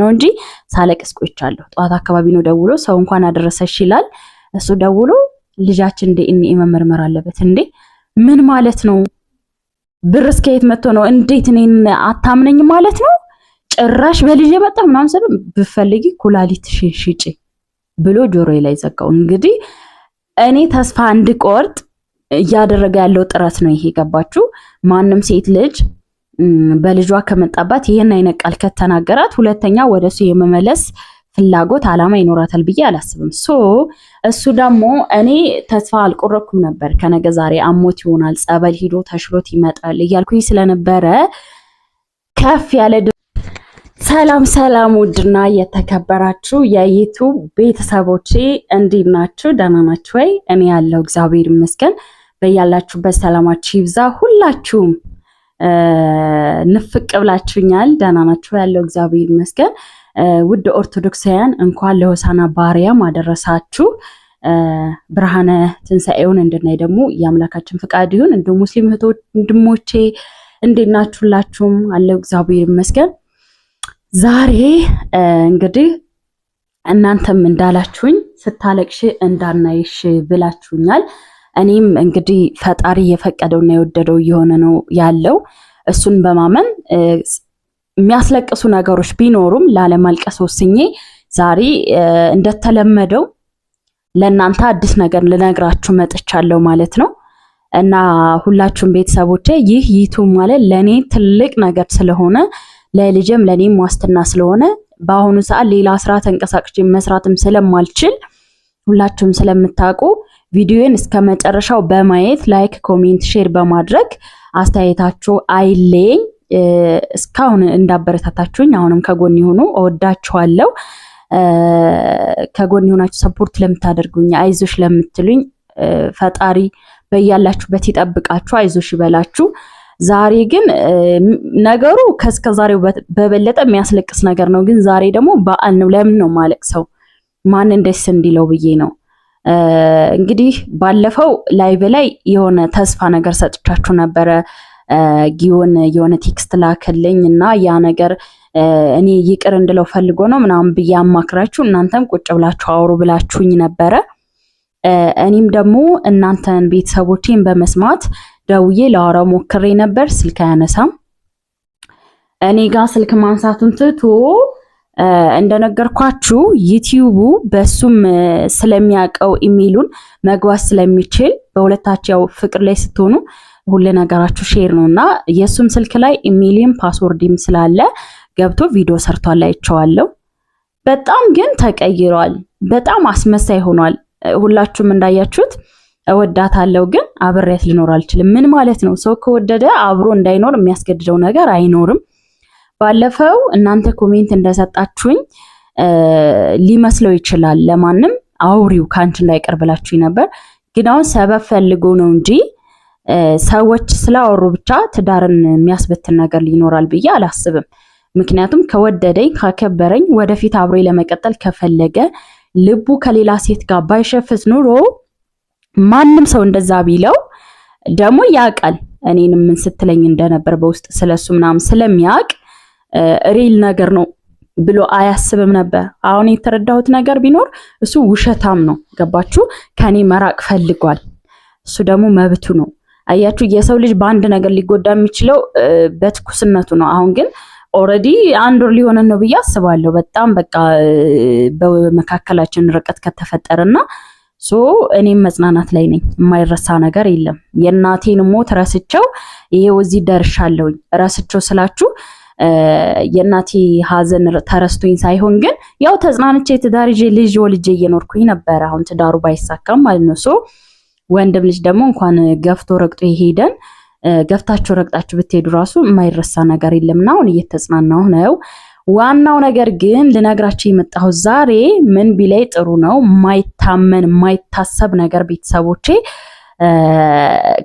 ነው እንጂ ሳለቅስ ቆይቻለሁ። ጠዋት አካባቢ ነው ደውሎ ሰው እንኳን አደረሰሽ ይላል። እሱ ደውሎ ልጃችን እኔ መመርመር አለበት። እንዴ ምን ማለት ነው? ብር እስከየት መጥቶ ነው? እንዴት እኔን አታምነኝ ማለት ነው? ጭራሽ በልጅ የመጣ ምናምን ስለ ብፈልጊ ኩላሊት ሽጪ ብሎ ጆሮ ላይ ዘጋው። እንግዲህ እኔ ተስፋ እንድቆርጥ እያደረገ ያለው ጥረት ነው ይሄ። ገባችሁ? ማንም ሴት ልጅ በልጇ ከመጣባት ይህን አይነት ቃል ከተናገራት ሁለተኛ ወደ ወደሱ የመመለስ ፍላጎት አላማ ይኖራታል ብዬ አላስብም። ሶ እሱ ደግሞ እኔ ተስፋ አልቆረኩም ነበር። ከነገ ዛሬ አሞት ይሆናል ጸበል ሂዶ ተሽሎት ይመጣል እያልኩኝ ስለነበረ ከፍ ያለ ሰላም ሰላም፣ ውድና የተከበራችሁ የዩቱብ ቤተሰቦቼ እንዴት ናችሁ? ደህና ናችሁ ወይ? እኔ ያለው እግዚአብሔር ይመስገን። በያላችሁበት ሰላማችሁ ይብዛ ሁላችሁም ንፍቅ ብላችሁኛል። ደህና ናችሁ? ያለው እግዚአብሔር ይመስገን። ውድ ኦርቶዶክሳውያን እንኳን ለሆሳና በአርያም አደረሳችሁ። ብርሃነ ትንሣኤውን እንድናይ ደግሞ የአምላካችን ፍቃድ ይሁን። እንዲሁም ሙስሊም እህቶ ወንድሞቼ እንዴት ናችሁላችሁም? አለው እግዚአብሔር ይመስገን። ዛሬ እንግዲህ እናንተም እንዳላችሁኝ ስታለቅሽ እንዳናይሽ ብላችሁኛል። እኔም እንግዲህ ፈጣሪ የፈቀደውና የወደደው እየሆነ ነው ያለው። እሱን በማመን የሚያስለቅሱ ነገሮች ቢኖሩም ላለማልቀስ ወስኜ ዛሬ እንደተለመደው ለእናንተ አዲስ ነገር ልነግራችሁ መጥቻለሁ ማለት ነው። እና ሁላችሁም ቤተሰቦቼ ይህ ዩቱብ ማለት ለእኔ ትልቅ ነገር ስለሆነ ለልጅም ለእኔም ዋስትና ስለሆነ በአሁኑ ሰዓት ሌላ ስራ ተንቀሳቅሼ መስራትም ስለማልችል ሁላችሁም ስለምታውቁ ቪዲዮን እስከ መጨረሻው በማየት ላይክ፣ ኮሜንት፣ ሼር በማድረግ አስተያየታችሁ አይለኝ። እስካሁን እንዳበረታታችሁኝ አሁንም ከጎን የሆኑ እወዳችኋለሁ። ከጎን የሆናችሁ ሰፖርት ለምታደርጉኝ፣ አይዞሽ ለምትሉኝ ፈጣሪ በያላችሁበት ይጠብቃችሁ፣ አይዞሽ ይበላችሁ። ዛሬ ግን ነገሩ ከእስከ ዛሬው በበለጠ የሚያስለቅስ ነገር ነው። ግን ዛሬ ደግሞ በዓል ነው። ለምን ነው ማለቅ ሰው ማንን ደስ እንዲለው ብዬ ነው እንግዲህ ባለፈው ላይ ላይ የሆነ ተስፋ ነገር ሰጥቻችሁ ነበረ። ጊዮን የሆነ ቴክስት ላክልኝ እና ያ ነገር እኔ ይቅር እንድለው ፈልጎ ነው ምናምን ብዬ አማክራችሁ እናንተም ቁጭ ብላችሁ አውሩ ብላችሁኝ ነበረ። እኔም ደግሞ እናንተን ቤተሰቦቼን በመስማት ደውዬ ለአውራው ሞክሬ ነበር። ስልክ አያነሳም። እኔ ጋር ስልክ ማንሳቱን ትቶ እንደነገርኳችሁ ዩቲዩቡ በሱም ስለሚያውቀው ኢሜሉን መግባት ስለሚችል በሁለታችሁ ያው ፍቅር ላይ ስትሆኑ ሁሉ ነገራችሁ ሼር ነው እና የእሱም ስልክ ላይ ኢሜሊም ፓስወርድም ስላለ ገብቶ ቪዲዮ ሰርቷል፣ አይቼዋለሁ። በጣም ግን ተቀይሯል። በጣም አስመሳይ ሆኗል። ሁላችሁም እንዳያችሁት እወዳታለሁ ግን አብሬያት ልኖር አልችልም። ምን ማለት ነው? ሰው ከወደደ አብሮ እንዳይኖር የሚያስገድደው ነገር አይኖርም። ባለፈው እናንተ ኮሜንት እንደሰጣችሁኝ ሊመስለው ይችላል ለማንም አውሪው ከአንቺ እንዳይቀር ብላችሁኝ ነበር። ግን አሁን ሰበብ ፈልጎ ነው እንጂ ሰዎች ስላወሩ ብቻ ትዳርን የሚያስበትን ነገር ሊኖራል ብዬ አላስብም። ምክንያቱም ከወደደኝ ካከበረኝ፣ ወደፊት አብሮ ለመቀጠል ከፈለገ ልቡ ከሌላ ሴት ጋር ባይሸፍት ኑሮ ማንም ሰው እንደዛ ቢለው ደግሞ ያውቃል እኔንም ምን ስትለኝ እንደነበር በውስጥ ስለሱ ምናምን ስለሚያውቅ ሪል ነገር ነው ብሎ አያስብም ነበር። አሁን የተረዳሁት ነገር ቢኖር እሱ ውሸታም ነው። ገባችሁ? ከኔ መራቅ ፈልጓል። እሱ ደግሞ መብቱ ነው። አያችሁ፣ የሰው ልጅ በአንድ ነገር ሊጎዳ የሚችለው በትኩስነቱ ነው። አሁን ግን ኦልሬዲ አንድ ወር ነው ብዬ አስባለሁ። በጣም በቃ በመካከላችን ርቀት ከተፈጠረና ሶ እኔም መጽናናት ላይ ነኝ። የማይረሳ ነገር የለም። የእናቴን ሞት ረስቸው ይሄው እዚህ ደርሻለሁኝ። ረስቸው ስላችሁ የእናቴ ሀዘን ተረስቶኝ ሳይሆን ግን ያው ተጽናንቼ ትዳር ይዤ ልጅ ወልጄ እየኖርኩኝ ነበረ። አሁን ትዳሩ ባይሳካም ማለት ነው። ሶ ወንድም ልጅ ደግሞ እንኳን ገፍቶ ረግጦ የሄደን ገፍታችሁ ረግጣችሁ ብትሄዱ ራሱ የማይረሳ ነገር የለምና አሁን እየተጽናናሁ ነው። ዋናው ነገር ግን ልነግራችሁ የመጣሁ ዛሬ ምን ቢላይ ጥሩ ነው፣ ማይታመን ማይታሰብ ነገር ቤተሰቦቼ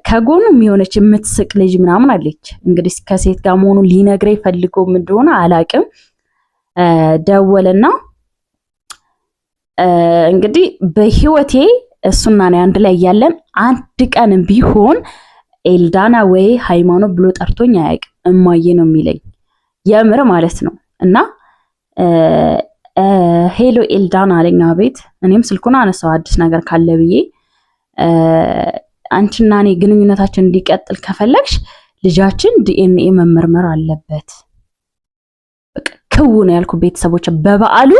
ከጎኑ የሆነች የምትስቅ ልጅ ምናምን አለች። እንግዲህ ከሴት ጋር መሆኑ ሊነግረኝ ፈልጎ እንደሆነ አላቅም። ደወለና እንግዲህ በህይወቴ እሱና ነው አንድ ላይ ያለን አንድ ቀንም ቢሆን ኤልዳና ወይ ሃይማኖት ብሎ ጠርቶኝ አያውቅም። እማዬ ነው የሚለኝ የምር ማለት ነው። እና ሄሎ ኤልዳና አለኝ። አቤት። እኔም ስልኩን አነሳው አዲስ ነገር ካለ ብዬ አንቺና እኔ ግንኙነታችን እንዲቀጥል ከፈለግሽ ልጃችን ዲኤንኤ መመርመር አለበት። ክው ነው ያልኩ ቤተሰቦች በበዓሉ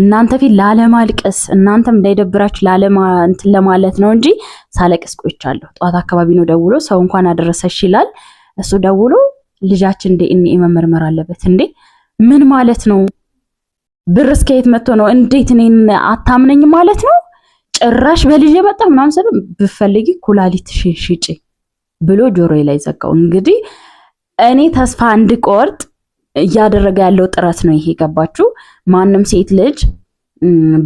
እናንተ ፊት ላለማልቀስ እናንተም እንዳይደብራችሁ ላለማ እንትን ለማለት ነው እንጂ ሳለቅስ ቆይቻለሁ። ጠዋት አካባቢ ነው ደውሎ ሰው እንኳን አደረሰሽ ይላል። እሱ ደውሎ ልጃችን ዲኤንኤ መመርመር አለበት። እንዴ ምን ማለት ነው? ብር እስከየት መጥቶ ነው? እንዴት እኔን አታምነኝ ማለት ነው? ጭራሽ በልጄ በጣም ምናምን ስል ብፈልጊ ኩላሊት ሽጪ ብሎ ጆሮ ላይ ዘጋው። እንግዲህ እኔ ተስፋ እንድቆርጥ እያደረገ ያለው ጥረት ነው ይሄ። ገባችሁ? ማንም ሴት ልጅ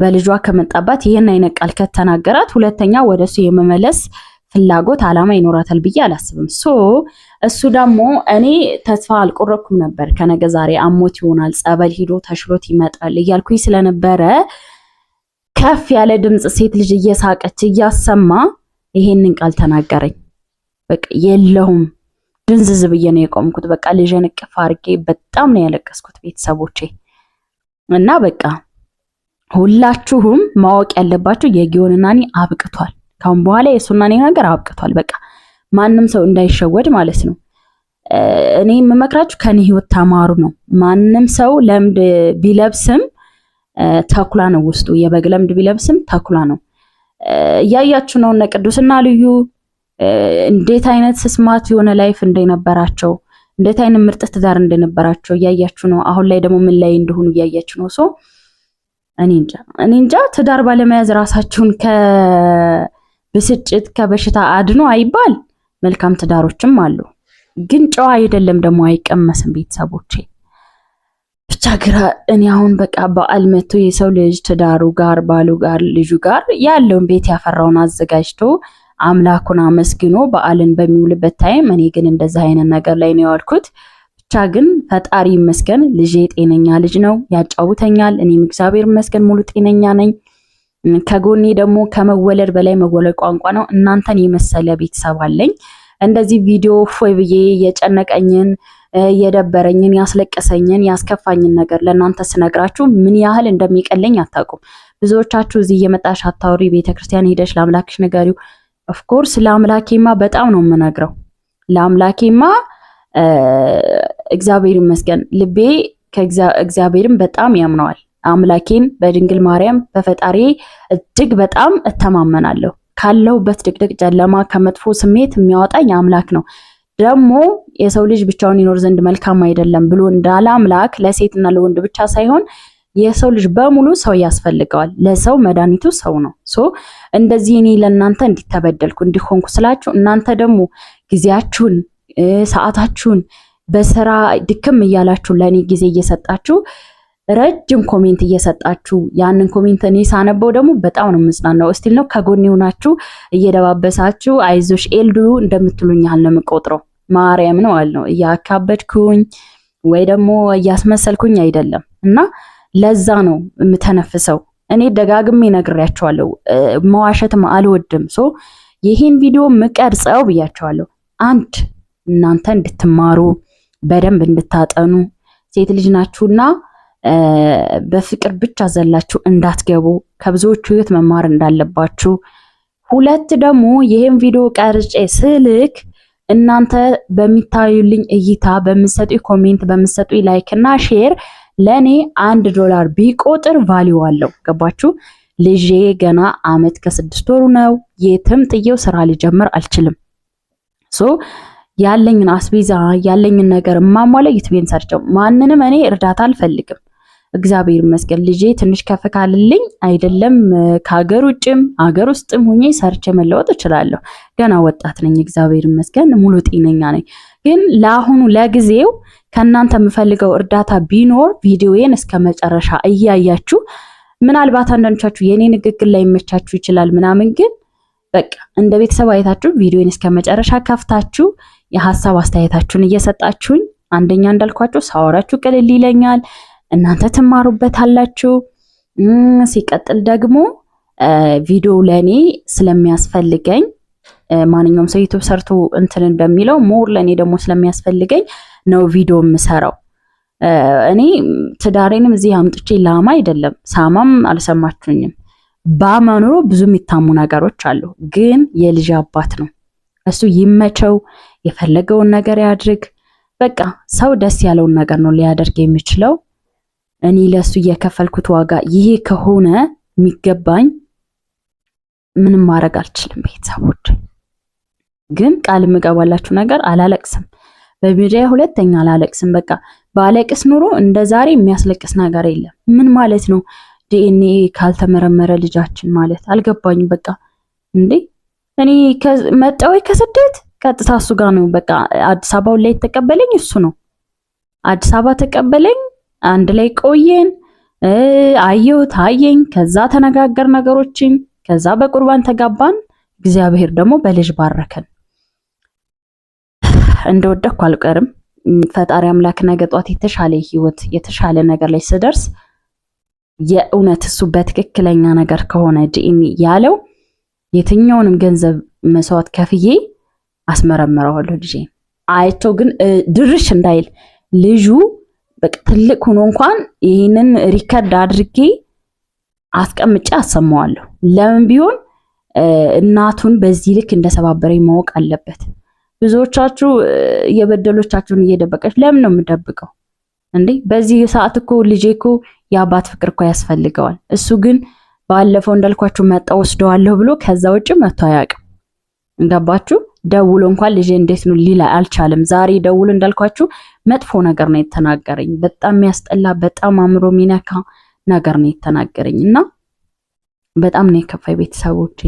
በልጇ ከመጣባት ይህን አይነት ቃል ከተናገራት ሁለተኛ ወደ ወደሱ የመመለስ ፍላጎት አላማ ይኖራታል ብዬ አላስብም። ሶ እሱ ደግሞ እኔ ተስፋ አልቆረኩም ነበር። ከነገ ዛሬ አሞት ይሆናል፣ ጸበል ሂዶ ተሽሎት ይመጣል እያልኩኝ ስለነበረ ከፍ ያለ ድምፅ ሴት ልጅ እየሳቀች እያሰማ ይሄንን ቃል ተናገረኝ። በቃ የለሁም ድንዝዝ ብዬ ነው የቆምኩት። በቃ ልጅን እቅፍ አድርጌ በጣም ነው ያለቀስኩት ቤተሰቦቼ። እና በቃ ሁላችሁም ማወቅ ያለባችሁ የጊዮንና እኔ አብቅቷል። ካሁን በኋላ የእሱና እኔ ነገር አብቅቷል። በቃ ማንም ሰው እንዳይሸወድ ማለት ነው። እኔ የምመክራችሁ ከኔ ህይወት ተማሩ ነው። ማንም ሰው ለምድ ቢለብስም ተኩላ ነው ውስጡ። የበግ ለምድ ቢለብስም ተኩላ ነው። እያያችሁ ነው እነ ቅዱስና ልዩ እንዴት አይነት ስስማት የሆነ ላይፍ እንደነበራቸው እንዴት አይነት ምርጥ ትዳር እንደነበራቸው እያያችሁ ነው። አሁን ላይ ደግሞ ምን ላይ እንደሆኑ እያያችሁ ነው። ሶ እኔ እንጃ እኔ እንጃ ትዳር ባለመያዝ ራሳችሁን ከብስጭት ከበሽታ አድኖ አይባል። መልካም ትዳሮችም አሉ፣ ግን ጨዋ አይደለም ደግሞ አይቀመስም ቤተሰቦቼ። ብቻ ግራ እኔ አሁን በቃ በዓል መጥቶ የሰው ልጅ ትዳሩ ጋር ባሉ ጋር ልጁ ጋር ያለውን ቤት ያፈራውን አዘጋጅቶ አምላኩን አመስግኖ በዓልን በሚውልበት ታይም እኔ ግን እንደዛ አይነት ነገር ላይ ነው ያልኩት። ብቻ ግን ፈጣሪ ይመስገን ልጄ ጤነኛ ልጅ ነው፣ ያጫውተኛል። እኔም እግዚአብሔር ይመስገን ሙሉ ጤነኛ ነኝ። ከጎኔ ደግሞ ከመወለድ በላይ መወለድ ቋንቋ ነው። እናንተን የመሰለ ቤተሰብ አለኝ። እንደዚህ ቪዲዮ ፎይ ብዬ የጨነቀኝን የደበረኝን ያስለቀሰኝን ያስከፋኝን ነገር ለእናንተ ስነግራችሁ ምን ያህል እንደሚቀለኝ አታውቁም። ብዙዎቻችሁ እዚህ እየመጣሽ አታውሪ፣ ቤተክርስቲያን ሄደሽ ለአምላክሽ ንገሪው። ኦፍኮርስ ለአምላኬማ በጣም ነው የምነግረው። ለአምላኬማ እግዚአብሔር ይመስገን ልቤ እግዚአብሔርም በጣም ያምነዋል። አምላኬን በድንግል ማርያም በፈጣሪ እጅግ በጣም እተማመናለሁ። ካለሁበት ድቅድቅ ጨለማ ከመጥፎ ስሜት የሚያወጣኝ አምላክ ነው። ደግሞ የሰው ልጅ ብቻውን ይኖር ዘንድ መልካም አይደለም ብሎ እንዳለ አምላክ ለሴትና ለወንድ ብቻ ሳይሆን የሰው ልጅ በሙሉ ሰው ያስፈልገዋል። ለሰው መድኃኒቱ ሰው ነው። ሶ እንደዚህ እኔ ለእናንተ እንዲተበደልኩ እንዲሆንኩ ስላችሁ እናንተ ደግሞ ጊዜያችሁን ሰዓታችሁን በስራ ድክም እያላችሁ ለእኔ ጊዜ እየሰጣችሁ ረጅም ኮሜንት እየሰጣችሁ ያንን ኮሜንት እኔ ሳነበው ደግሞ በጣም ነው የምጽናናው። እስቲል ነው ከጎን የሆናችሁ እየደባበሳችሁ አይዞሽ ኤልዱ እንደምትሉኛል ነው የምቆጥረው። ማርያም ነው አለው። እያካበድኩኝ ወይ ደግሞ እያስመሰልኩኝ አይደለም። እና ለዛ ነው የምተነፍሰው። እኔ ደጋግሜ ነግሬያቸዋለሁ፣ መዋሸትም አልወድም። ሶ ይህን ቪዲዮ ምቀርጸው ብያቸዋለሁ፣ አንድ እናንተ እንድትማሩ በደንብ እንድታጠኑ፣ ሴት ልጅ ናችሁና በፍቅር ብቻ ዘላችሁ እንዳትገቡ፣ ከብዙዎቹ ህይወት መማር እንዳለባችሁ። ሁለት ደግሞ ይህን ቪዲዮ ቀርጬ ስልክ እናንተ በሚታዩልኝ እይታ በምሰጡ ኮሜንት በምሰጡ ላይክ እና ሼር ለእኔ አንድ ዶላር ቢቆጥር ቫሊዩ አለው። ገባችሁ? ልጄ ገና አመት ከስድስት ወሩ ነው። የትም ጥየው ስራ ሊጀምር አልችልም። ሶ ያለኝን አስቤዛ ያለኝን ነገር ማሟላ ዩቲዩብን ሰርቸው። ማንንም እኔ እርዳታ አልፈልግም። እግዚአብሔር ይመስገን ልጄ ትንሽ ከፍ ካልልኝ አይደለም ከሀገር ውጭም ሀገር ውስጥም ሁኜ ሰርቼ መለወጥ እችላለሁ። ገና ወጣት ነኝ፣ እግዚአብሔር ይመስገን ሙሉ ጤነኛ ነኝ። ግን ለአሁኑ ለጊዜው ከእናንተ የምፈልገው እርዳታ ቢኖር ቪዲዮዬን እስከ መጨረሻ እያያችሁ ምናልባት አንዳንዶቻችሁ የእኔ ንግግር ላይ ይመቻችሁ ይችላል ምናምን ግን በቃ እንደ ቤተሰብ አይታችሁ ቪዲዮን እስከ መጨረሻ ከፍታችሁ የሀሳብ አስተያየታችሁን እየሰጣችሁኝ አንደኛ እንዳልኳችሁ ሳወራችሁ ቅልል ይለኛል። እናንተ ትማሩበታላችሁ። ሲቀጥል ደግሞ ቪዲዮ ለእኔ ስለሚያስፈልገኝ ማንኛውም ሰው ዩቱብ ሰርቶ እንትን በሚለው ሞር ለእኔ ደግሞ ስለሚያስፈልገኝ ነው ቪዲዮ የምሰራው። እኔ ትዳሬንም እዚህ አምጥቼ ላማ አይደለም ሳማም አልሰማችሁኝም። በመኖሩ ብዙ የሚታሙ ነገሮች አሉ። ግን የልጅ አባት ነው እሱ ይመቸው፣ የፈለገውን ነገር ያድርግ። በቃ ሰው ደስ ያለውን ነገር ነው ሊያደርግ የሚችለው። እኔ ለሱ እየከፈልኩት ዋጋ ይሄ ከሆነ የሚገባኝ ምንም ማድረግ አልችልም። ቤተሰቦች ግን ቃል የምገባላችሁ ነገር አላለቅስም፣ በሚዲያ ሁለተኛ አላለቅስም። በቃ ባለቅስ ኑሮ እንደ ዛሬ የሚያስለቅስ ነገር የለም። ምን ማለት ነው? ዲኤንኤ ካልተመረመረ ልጃችን ማለት አልገባኝም። በቃ እንዴ እኔ ወይ ከስደት ቀጥታ እሱ ጋር ነው። በቃ አዲስ አበባውን ላይ የተቀበለኝ እሱ ነው። አዲስ አበባ ተቀበለኝ አንድ ላይ ቆየን። አየሁት አየኝ። ከዛ ተነጋገር ነገሮችን። ከዛ በቁርባን ተጋባን። እግዚአብሔር ደግሞ በልጅ ባረከን። እንደወደኩ አልቀርም። ፈጣሪ አምላክ ነገ ጧት የተሻለ ህይወት የተሻለ ነገር ላይ ስደርስ የእውነት እሱ በትክክለኛ ነገር ከሆነ ዲኤንኤ ያለው የትኛውንም ገንዘብ መስዋዕት ከፍዬ አስመረምረዋለሁ ልጄ አይቶ ግን ድርሽ እንዳይል ልጁ በቃ ትልቅ ሆኖ እንኳን ይህንን ሪከርድ አድርጌ አስቀምጬ አሰማዋለሁ። ለምን ቢሆን እናቱን በዚህ ልክ እንደሰባበረኝ ማወቅ አለበት። ብዙዎቻችሁ የበደሎቻችሁን እየደበቀች ለምን ነው የምደብቀው እንዴ? በዚህ ሰዓት እኮ ልጄ እኮ የአባት ፍቅር እኮ ያስፈልገዋል። እሱ ግን ባለፈው እንዳልኳችሁ መጣ ወስደዋለሁ ብሎ ከዛ ውጭ መጥቶ አያውቅም። ገባችሁ? ደውሎ እንኳን ልጄ እንዴት ነው ሊላ አልቻለም። ዛሬ ደውሎ እንዳልኳችሁ መጥፎ ነገር ነው የተናገረኝ። በጣም የሚያስጠላ በጣም አእምሮ የሚነካ ነገር ነው የተናገረኝ እና በጣም ነው የከፋይ ቤተሰቦቼ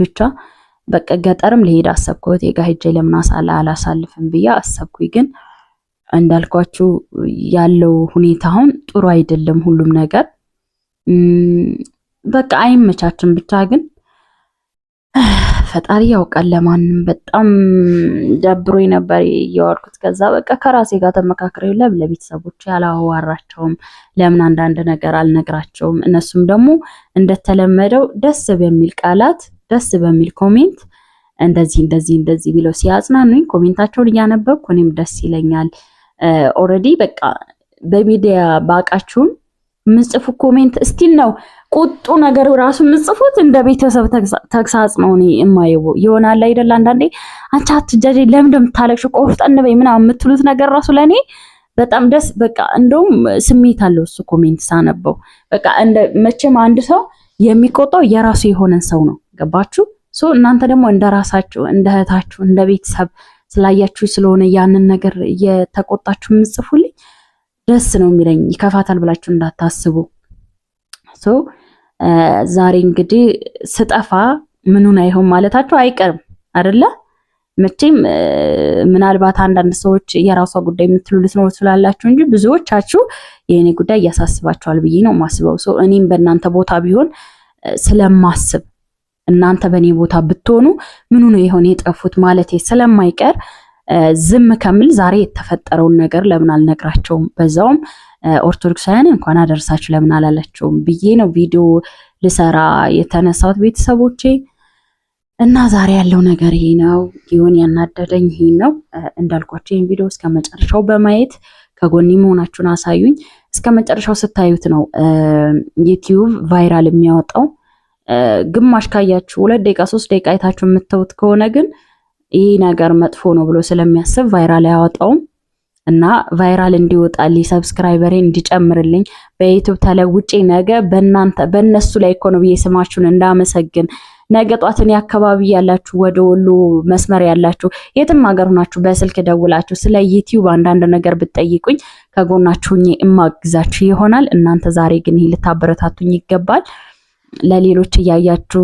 ብቻ በቃ ገጠርም ልሄድ አሰብኩ። የጋ ጋ ሄጄ ለምን አላሳልፍም ብዬ አሰብኩኝ። ግን እንዳልኳችሁ ያለው ሁኔታ አሁን ጥሩ አይደለም። ሁሉም ነገር በቃ አይመቻችም። ብቻ ግን ፈጣሪ ያውቃል። ለማንም በጣም ደብሮ ነበር እያዋልኩት። ከዛ በቃ ከራሴ ጋር ተመካክሬ ለምን ለቤተሰቦች አላዋራቸውም? ለምን አንዳንድ ነገር አልነግራቸውም? እነሱም ደግሞ እንደተለመደው ደስ በሚል ቃላት፣ ደስ በሚል ኮሜንት እንደዚህ እንደዚህ እንደዚህ ብለው ሲያጽናኑኝ ኮሜንታቸውን እያነበብኩ እኔም ደስ ይለኛል። ኦልሬዲ በቃ በሚዲያ ባቃችሁም ምጽፉ ኮሜንት እስቲል ነው ቁጡ ነገር ራሱ ምጽፉት እንደ ቤተሰብ ተግሳጽ ነው እኔ የማየው ይሆናል አይደል። አንዳንዴ አንቺ አትጃጄ ለምን እንደምታለቅሽ ቆፍጠን በይ ምናምን የምትሉት ነገር ራሱ ለእኔ በጣም ደስ በቃ እንደውም ስሜት አለው እሱ ኮሜንት ሳነበው። በቃ እንደ መቼም አንድ ሰው የሚቆጣው የራሱ የሆነን ሰው ነው። ገባችሁ? ሶ እናንተ ደግሞ እንደ ራሳችሁ እንደ እህታችሁ እንደ ቤተሰብ ስላያችሁ ስለሆነ ያንን ነገር እየተቆጣችሁ የምጽፉልኝ ደስ ነው የሚለኝ። ይከፋታል ብላችሁ እንዳታስቡ። ዛሬ እንግዲህ ስጠፋ ምኑን አይሆን ማለታቸው አይቀርም አይደለ? መቼም ምናልባት አንዳንድ ሰዎች የራሷ ጉዳይ የምትሉ ልትኖሩ ስላላችሁ እንጂ ብዙዎቻችሁ የእኔ ጉዳይ እያሳስባችኋል ብዬ ነው ማስበው። ሰው እኔም በእናንተ ቦታ ቢሆን ስለማስብ እናንተ በእኔ ቦታ ብትሆኑ ምኑ ነው የሆነ የጠፉት ማለት ስለማይቀር ዝም ከምል ዛሬ የተፈጠረውን ነገር ለምን አልነግራቸውም፣ በዛውም ኦርቶዶክሳውያን እንኳን አደርሳችሁ ለምን አላላቸውም ብዬ ነው ቪዲዮ ልሰራ የተነሳሁት ቤተሰቦቼ። እና ዛሬ ያለው ነገር ይሄ ነው። ይሁን ያናደደኝ ይሄ ነው እንዳልኳቸው፣ ይህን ቪዲዮ እስከ መጨረሻው በማየት ከጎኔ መሆናችሁን አሳዩኝ። እስከ መጨረሻው ስታዩት ነው ዩቲዩብ ቫይራል የሚያወጣው። ግማሽ ካያችሁ ሁለት ደቂቃ ሶስት ደቂቃ አይታችሁ የምትተውት ከሆነ ግን ይህ ነገር መጥፎ ነው ብሎ ስለሚያስብ ቫይራል አያወጣውም እና ቫይራል እንዲወጣልኝ ሰብስክራይበሬ እንዲጨምርልኝ በዩቱብ ተለውጬ ነገ በእናንተ በእነሱ ላይ እኮ ነው ብዬ ስማችሁን እንዳመሰግን ነገ ጧትን እኔ አካባቢ ያላችሁ ወደ ወሎ መስመር ያላችሁ የትም ሀገር ሆናችሁ በስልክ ደውላችሁ ስለ ዩቲዩብ አንዳንድ ነገር ብትጠይቁኝ ከጎናችሁ እማግዛችሁ ይሆናል። እናንተ ዛሬ ግን ይህ ልታበረታቱኝ ይገባል። ለሌሎች እያያችሁ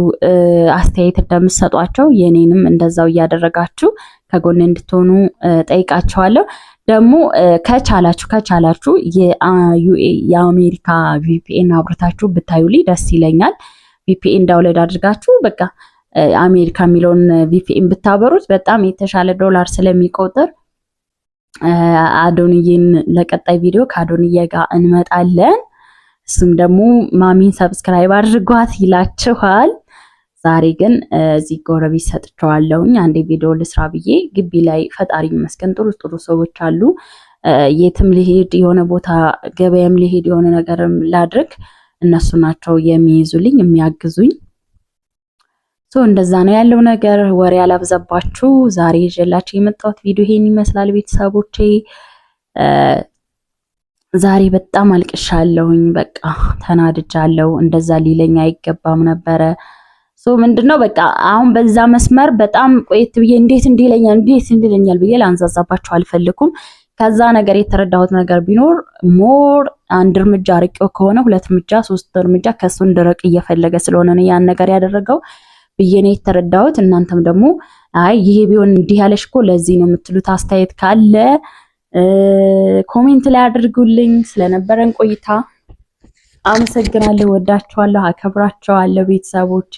አስተያየት እንደምትሰጧቸው የኔንም እንደዛው እያደረጋችሁ ከጎን እንድትሆኑ ጠይቃቸዋለሁ። ደግሞ ከቻላችሁ ከቻላችሁ የአሜሪካ ቪፒኤን አብርታችሁ ብታዩልኝ ደስ ይለኛል። ቪፒኤን ዳውንሎድ አድርጋችሁ በቃ አሜሪካ የሚለውን ቪፒኤን ብታበሩት በጣም የተሻለ ዶላር ስለሚቆጥር አዶንዬን ለቀጣይ ቪዲዮ ከአዶንዬ ጋር እንመጣለን። እሱም ደግሞ ማሚን ሰብስክራይብ አድርጓት ይላችኋል። ዛሬ ግን እዚህ ጎረቤት ሰጥቸዋለሁኝ። አንዴ ቪዲዮ ልስራ ብዬ ግቢ ላይ ፈጣሪ ይመስገን ጥሩ ጥሩ ሰዎች አሉ። የትም ልሄድ የሆነ ቦታ ገበያም ልሄድ የሆነ ነገርም ላድርግ እነሱ ናቸው የሚይዙልኝ የሚያግዙኝ። ሶ እንደዛ ነው ያለው ነገር። ወሬ ያላብዛባችሁ ዛሬ ይዤላችሁ የመጣሁት ቪዲዮ ይሄን ይመስላል ቤተሰቦቼ። ዛሬ በጣም አልቅሻለሁኝ። በቃ ተናድጃለሁ። እንደዛ ሊለኝ አይገባም ነበረ። ሶ ምንድነው በቃ አሁን በዛ መስመር በጣም ቆየት ብዬ እንዴት እንዲለኛል እንዴት እንዲለኛል ብዬ ላንዛዛባቸው አልፈልኩም። ከዛ ነገር የተረዳሁት ነገር ቢኖር ሞር አንድ እርምጃ ርቄው ከሆነ ሁለት እርምጃ ሶስት እርምጃ ከሱ እንድረቅ እየፈለገ ስለሆነ ነው ያን ነገር ያደረገው ብዬ ነው የተረዳሁት። እናንተም ደግሞ አይ ይሄ ቢሆን እንዲህ ያለሽ እኮ ለዚህ ነው የምትሉት አስተያየት ካለ ኮሜንት ላይ አድርጉልኝ። ስለነበረን ቆይታ አመሰግናለሁ። ወዳችኋለሁ፣ አከብራችኋለሁ ቤተሰቦቼ።